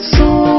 苏。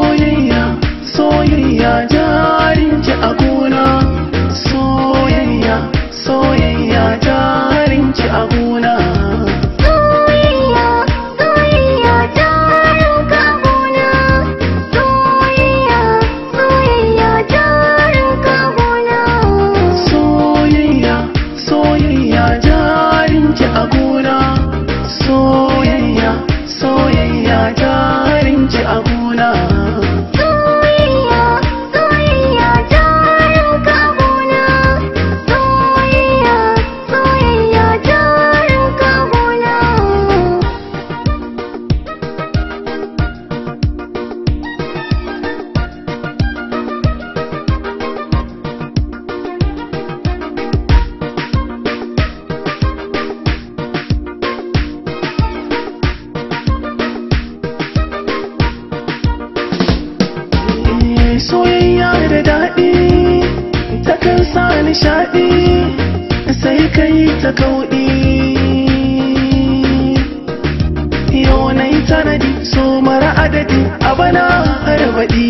da daɗi takan sa nishaɗi sai kai ta kauɗi yau nayi tanadi so mara adadi a bana harbaɗi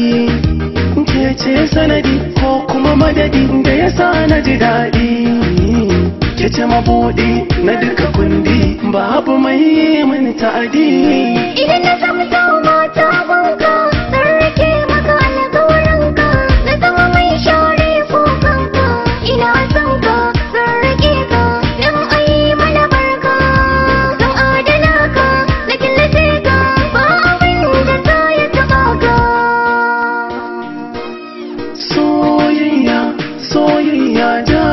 ke ce sanadi ko kuma madadi da ya sa na ji daɗi ke ce mabuɗi na duka kundi babu mai mun ta'adi your door.